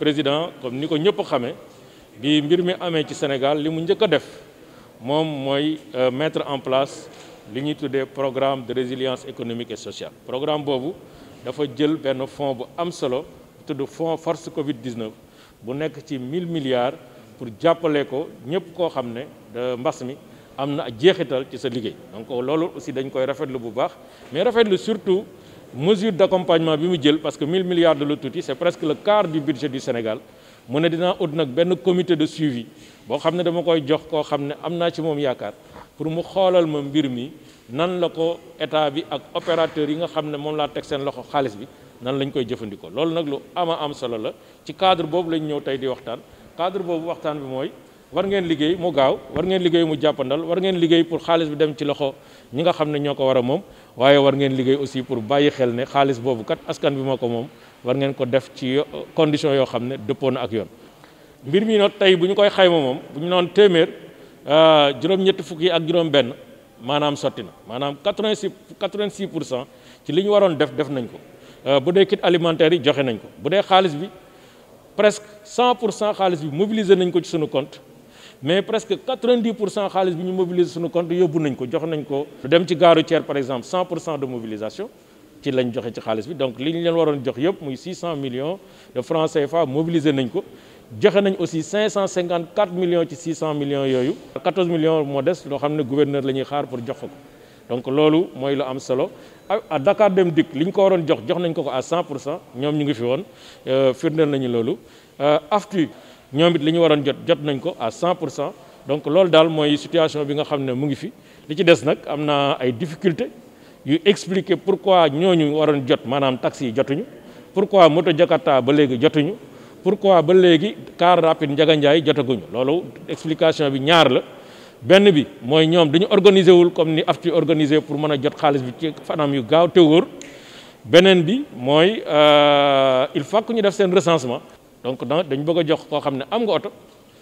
président comme nous ko ñëpp bi mbir mi amé ci Sénégal li mu njëkk a def moom euh, mettre en place li ñuy programme de résilience économique et sociale. programme bobu dafa jël benn fonds bu am solo tuddu fonds force Covid 19 bu nekk ci 1000 milliards pour jàppale ko ñëpp ko xamné ne de mbass mi amna na ci sa liggéey donc lolu aussi dañ koy rafetlu bu baax mais rafetlu surtout mesure d'accompagnement bi mu jël parce que 1000 milliards de l'OTOTI c'est presque le quart du budget du Sénégal mu ne dinaa ut nag benn comité de suivi bo xam dama koy jox ko xam amna ci mom yakar pour mu xolal ma mbir mi nan la ko état bi ak opérateur yi nga xam mom la tek sen loxo xaalis bi nan lañ koy jëfëndiko loolu nak lu ama am solo la ci cadre bobu lañ ñëw tay di waxtaan cadre bobu waxtaan bi moy war ngeen liggéey mu gaaw war ngeen liggéey mu jàppandal war ngeen liggéey pour xaalis bi dem ci loxo ñi nga xam ne ñoo ko war a moom waaye war ngeen liggéey aussi pour bàyyi xel ne xaalis boobu kat askan bi moo ko moom war ngeen ko def ci condition yoo xam ne dëppoon na ak yoon. mbir mi nag tey bu ñu koy xayma moom bu ñu noon téeméer euh, juróom-ñetti fukki ak juróom-benn maanaam sotti na maanaam quatre-vingt-six quatre-vingt-six pour cent ci li ñu waroon def def nañ ko euh, bu dee kit alimentaire yi joxe nañ bu dee xaalis bi presque cent pour cent xaalis bi mobiliser nañ ko ci sunu compte. mais presque 90 pour xaalis bi ñu mobiliser suñu compte yóbbu nañ ko jox nañ ko. dem ci gaaru Thiers, par exemple 100 de mobilisation ci lañ joxe ci xaalis bi donc li ñu leen waroon jox yëpp muy 600 millions de francs CFA mobiliser nañ ko joxe nañ aussi 554 millions ci 600 millions yooyu. 14 millions moo des loo xam ne gouverneur la ñuy xaar pour jox ko donc loolu mooy lu am solo à Dakar Dem dik liñ ko waroon jox jox nañ ko ko à 100 pour ñoom ñu ngi fi woon euh, firndeel nañu loolu euh, AFTU. ñoom it li ñu waroon jot jot nañ ko à 100 pour cent donc loolu daal mooy situation bi nga xam ne mu ngi fi li ci des nag am na ay difficulté yu expliquer pourquoi ñooñu waroon jot maanaam taxi yi jotuñu pourquoi moto jakarta ba léegi jotuñu pourquoi ba léegi car rapide njaganjaay jotaguñu loolu explication bi ñaar la benn bi mooy ñoom dañu organiser wul comme ni aftu organiser pour mën a jot xaalis bi ci fanam yu gaaw te wóor beneen bi mooy euh, il faut que ñu def seen recensement donc dañ bëgg a jox koo xam ne am nga oto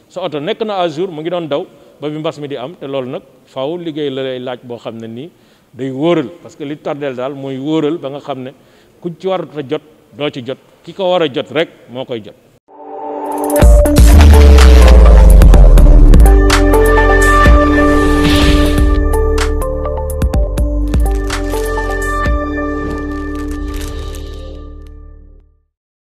sa oto nekk na à jour mu ngi doon daw ba bi mbas mi di am te loolu nag faaw liggéey la lay laaj boo xam ne nii day wóoral parce que li tardeel daal mooy wóoral ba nga xam ne ku ci warut a jot doo ci jot ki ko war a jot rek moo koy jot